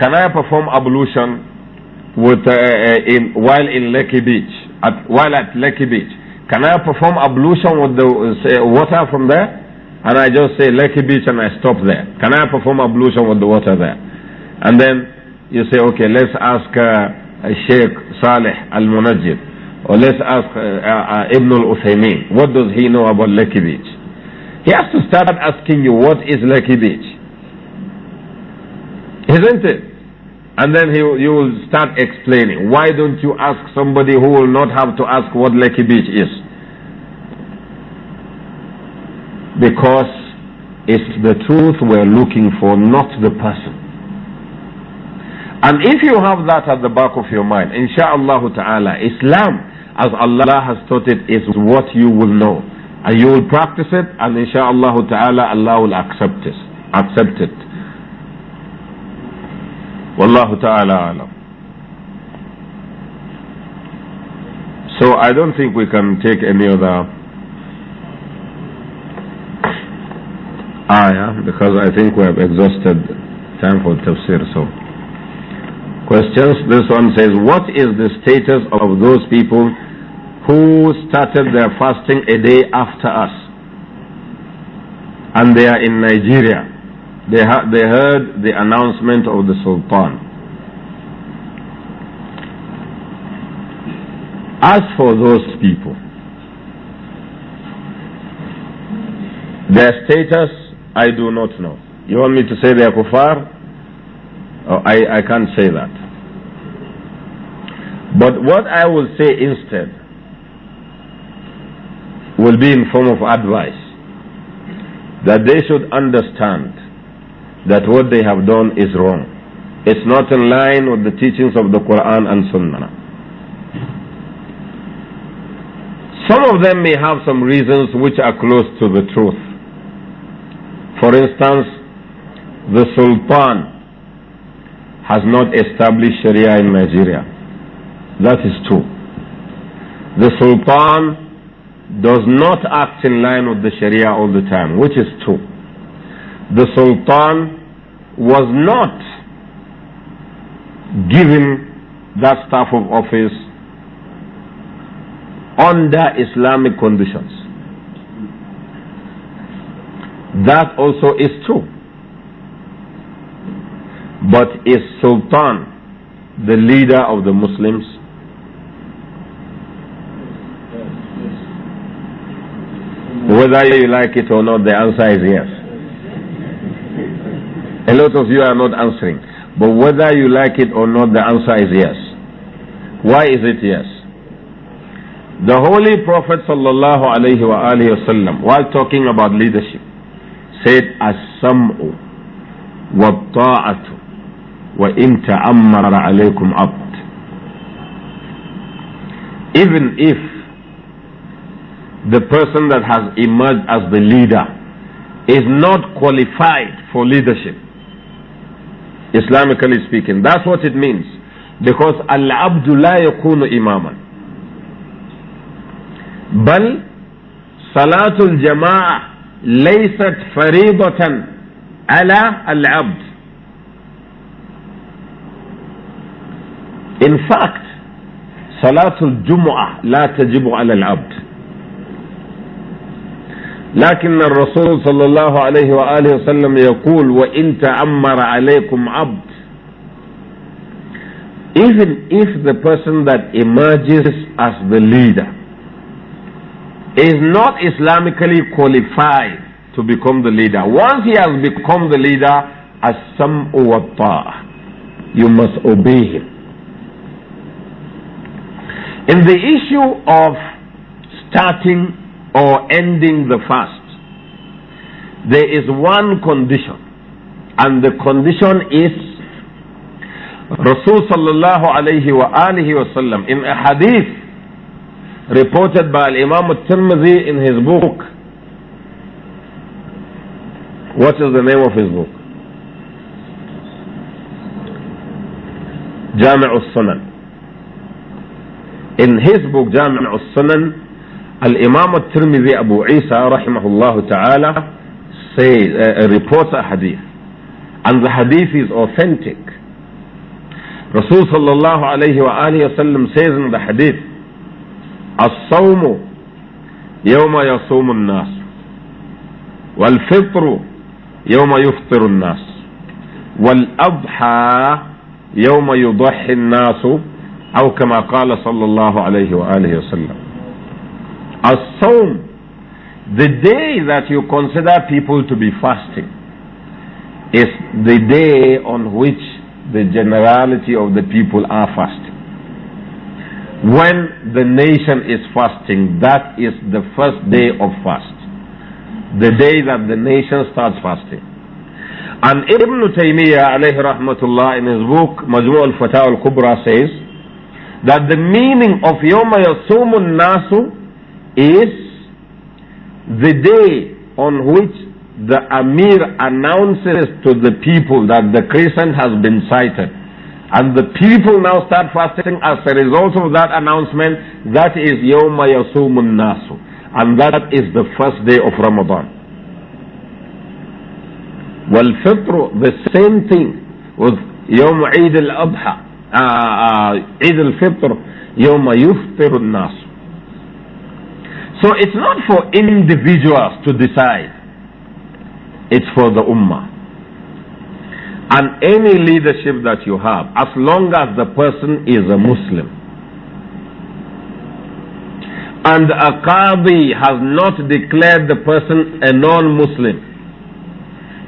Can I perform ablution with, uh, uh in, while in Lakey Beach? At, while at Lakey Beach, can I perform ablution with the uh, water from there? And I just say Lakey Beach and I stop there. Can I perform ablution with the water there? And then you say, okay, let's ask uh, Sheikh Salih al-Munajjid, or let's ask uh, uh, uh, Ibn al-Uthaymeen, what does he know about Lucky Beach? He has to start asking you, what is Lucky Beach? Isn't it? And then he, you will start explaining. Why don't you ask somebody who will not have to ask what Lucky Beach is? Because it's the truth we're looking for, not the person. And if you have that at the back of your mind, insha'Allah ta'ala, Islam, as Allah has taught it, is what you will know. And you will practice it, and insha'Allah ta'ala, Allah will accept it. Accept it. Wallahu ta'ala alam. So I don't think we can take any other ayah because I think we have exhausted time for tafsir. So questions. This one says, What is the status of those people who started their fasting a day after us? And they are in Nigeria. They, they heard the announcement of the Sultan. As for those people, their status, I do not know. You want me to say they are kuffar? Oh, I, I can't say that. But what I will say instead will be in form of advice that they should understand that what they have done is wrong. It's not in line with the teachings of the Quran and Sunnah. Some of them may have some reasons which are close to the truth. For instance, the Sultan has not established Sharia in Nigeria. That is true. The Sultan does not act in line with the Sharia all the time, which is true. The Sultan was not given that staff of office under Islamic conditions. That also is true. But is Sultan the leader of the Muslims? Whether you like it or not, the answer is yes. A lot of you are not answering. But whether you like it or not, the answer is yes. Why is it yes? The Holy Prophet sallallahu alayhi wa while talking about leadership, said, As-sam'u wa ta'atu وَإِن تَأَمَّرَ عَلَيْكُمْ عَبْدٌ Even if the person that has emerged as the leader is not qualified for leadership, Islamically speaking, that's what it means. Because al-abdu la yakunu imaman. Bal salatul jama'a laysat faridatan ala al In fact, Salatul Jumu'ah لا تجب على العبد. لكن الرسول صلى الله عليه وآله وسلم يقول وإن تأمر عليكم عبد even if the person that emerges as the leader is not Islamically qualified to become the leader. Once he has become the leader, as some ta'ah, you must obey him. In the issue of starting or ending the fast, there is one condition, and the condition is Rasul sallallahu alayhi wa alihi in a hadith reported by Imam al-Tirmidhi in his book. What is the name of his book? Jami' al-Sunan. in his book Jam' al-Sunan Al-Imam al-Tirmidhi Abu Isa rahimahullah ta'ala says, uh, reports a hadith and the hadith is authentic Rasul sallallahu alayhi wa alihi wasallam says in the hadith الصوم يوم يصوم الناس والفطر يوم يفطر الناس والأضحى يوم يضحي الناس أو كما قال صلى الله عليه وآله وسلم الصوم the day that you consider people to be fasting is the day on which the generality of the people are fasting when the nation is fasting that is the first day of fast the day that the nation starts fasting and Ibn Taymiyyah alayhi rahmatullah in his book Majmu' al-Fatawa al-Kubra says that the meaning of Yoma Yasumun Nasu is the day on which the Amir announces to the people that the crescent has been sighted. And the people now start fasting as a result of that announcement. That is Yawma Yasumun Nasu. And that is the first day of Ramadan. Well, fitr, the same thing with Yom Eid al-Adha. Eid al-Fitr, يوم يفطر nas. So it's not for individuals to decide. It's for the ummah. And any leadership that you have, as long as the person is a Muslim, and a qadi has not declared the person a non-Muslim,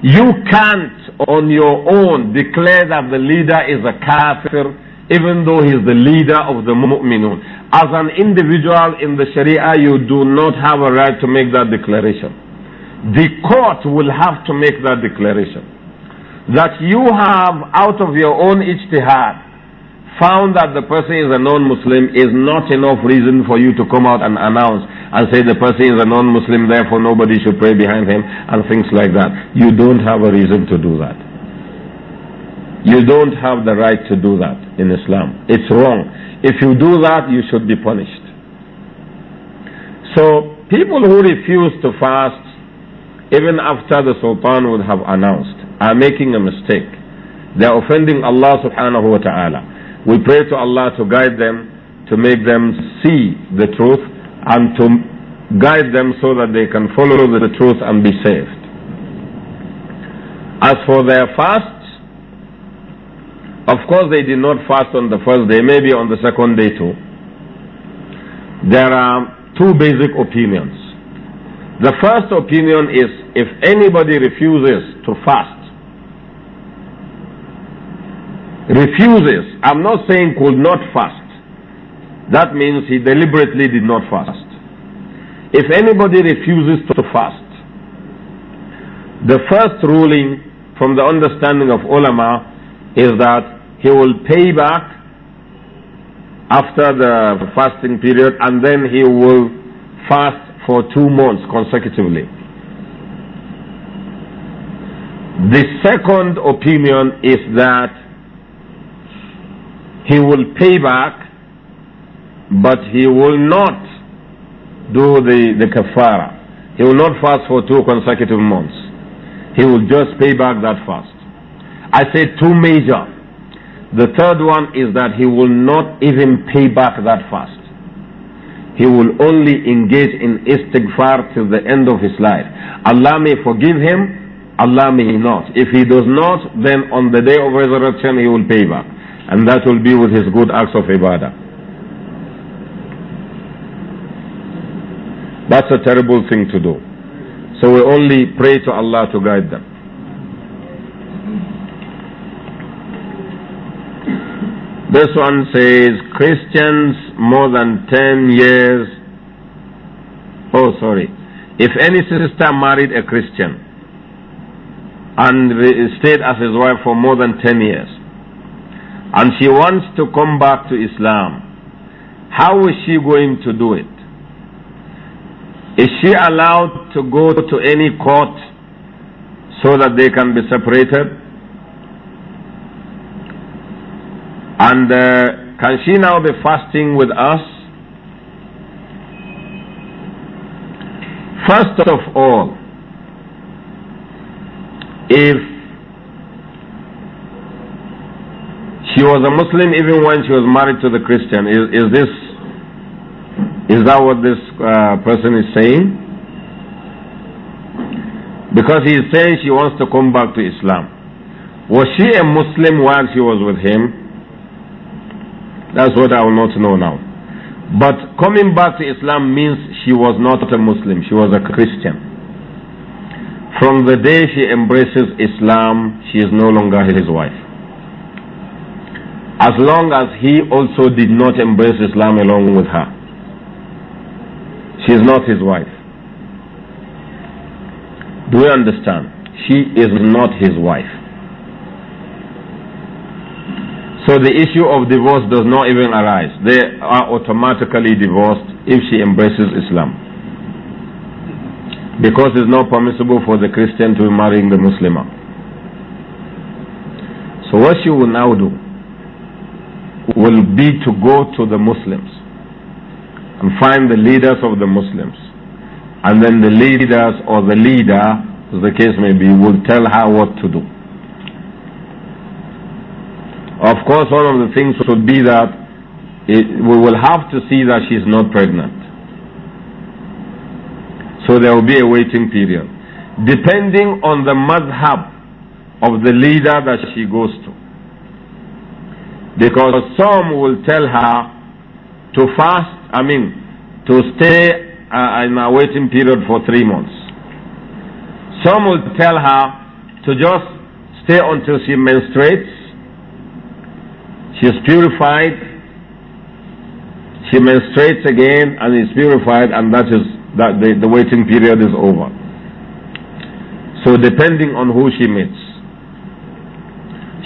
you can't on your own declare that the leader is a kafir even though he's the leader of the mu'minun. As an individual in the sharia, you do not have a right to make that declaration. The court will have to make that declaration. That you have out of your own ijtihad found that the person is a non-Muslim is not enough reason for you to come out and announce and say the person is a non-Muslim, therefore nobody should pray behind him and things like that. You don't have a reason to do that. You don't have the right to do that in Islam. It's wrong. If you do that, you should be punished. So, people who refuse to fast, even after the Sultan would have announced, are making a mistake. They are offending Allah subhanahu wa ta'ala. We pray to Allah to guide them, to make them see the truth, and to guide them so that they can follow the truth and be saved. As for their fasts, of course they did not fast on the first day, maybe on the second day too. There are two basic opinions. The first opinion is if anybody refuses to fast, refuses, I'm not saying could not fast. That means he deliberately did not fast. If anybody refuses to fast, the first ruling from the understanding of ulama is that he will pay back after the fasting period and then he will fast for two months consecutively. The second opinion is that he will pay back, but he will not do the, the kafara. He will not fast for two consecutive months. He will just pay back that fast. I say two major. The third one is that he will not even pay back that fast. He will only engage in istighfar till the end of his life. Allah may forgive him, Allah may not. If he does not, then on the day of resurrection he will pay back. And that will be with his good acts of ibadah. That's a terrible thing to do. So we only pray to Allah to guide them. This one says Christians more than 10 years. Oh, sorry. If any sister married a Christian and stayed as his wife for more than 10 years, and she wants to come back to Islam, how is she going to do it? Is she allowed to go to any court so that they can be separated? And uh, can she now be fasting with us? First of all, if She was a Muslim even when she was married to the Christian. Is, is this, is that what this uh, person is saying? Because he is saying she wants to come back to Islam. Was she a Muslim while she was with him? That's what I will not know now. But coming back to Islam means she was not a Muslim, she was a Christian. From the day she embraces Islam, she is no longer his wife as long as he also did not embrace Islam along with her. She is not his wife. Do you understand? She is not his wife. So the issue of divorce does not even arise. They are automatically divorced if she embraces Islam. Because it's not permissible for the Christian to be marrying the Muslim. So what she will now do will be to go to the Muslims and find the leaders of the Muslims. And then the leaders or the leader, as the case may be, will tell her what to do. Of course, one of the things would be that it, we will have to see that she's not pregnant. So there will be a waiting period. Depending on the madhab of the leader that she goes to. Because some will tell her to fast, I mean, to stay uh, in a waiting period for three months. Some will tell her to just stay until she menstruates. She is purified. She menstruates again and is purified, and that is that the, the waiting period is over. So depending on who she meets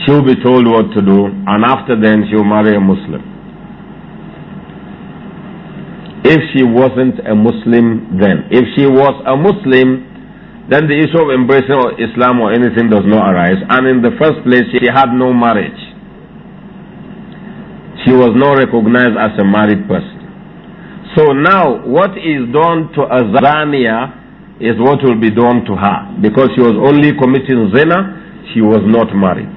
she'll be told what to do, and after then she'll marry a Muslim. If she wasn't a Muslim then, if she was a Muslim, then the issue of embracing Islam or anything does not arise. And in the first place, she had no marriage. She was not recognized as a married person. So now, what is done to Azania is what will be done to her because she was only committing zina, she was not married.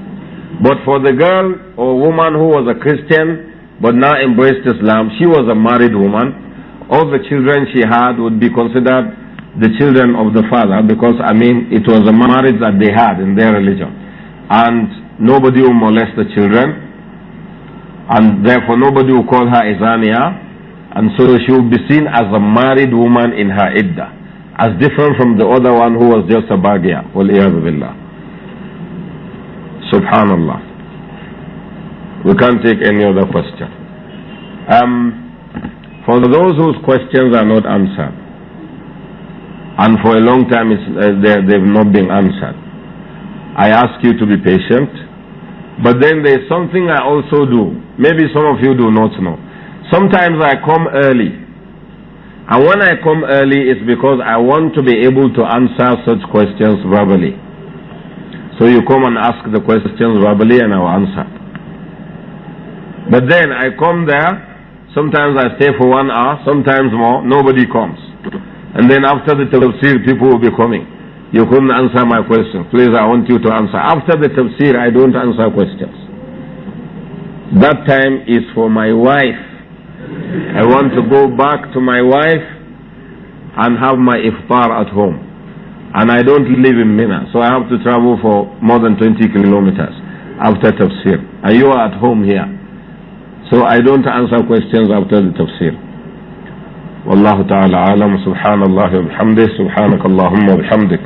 But for the girl or woman who was a Christian but now embraced Islam, she was a married woman. All the children she had would be considered the children of the father because, I mean, it was a marriage that they had in their religion. And nobody will molest the children. And therefore, nobody will call her Izania. And so she will be seen as a married woman in her iddah, as different from the other one who was just a bagia. Wal billah. Subhanallah. We can't take any other question. Um, for those whose questions are not answered, and for a long time uh, they, have not been answered, I ask you to be patient. But then there's something I also do. Maybe some of you do not know. Sometimes I come early. And when I come early, it's because I want to be able to answer such questions verbally. So you come and ask the questions verbally and I'll answer. But then I come there, sometimes I stay for one hour, sometimes more, nobody comes. And then after the tafsir, people will be coming. You couldn't answer my question. Please, I want you to answer. After the tafsir, I don't answer questions. That time is for my wife. I want to go back to my wife and have my iftar at home. And I don't live in Mina, so I have to travel for more than 20 kilometers after tafsir. And you are at home here. So I don't answer questions after the tafsir. والله تعالى أعلم سبحان الله وبحمده سبحانك اللهم وبحمدك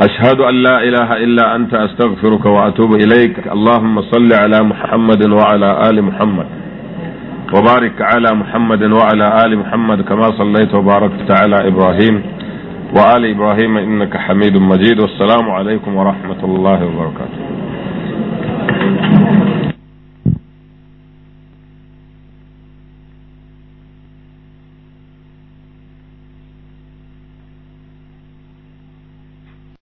أشهد أن لا إله إلا أنت أستغفرك وأتوب إليك اللهم صل على محمد وعلى آل محمد وبارك على محمد وعلى آل محمد كما صليت وباركت على إبراهيم وآل إبراهيم إنك حميد مجيد والسلام عليكم ورحمة الله وبركاته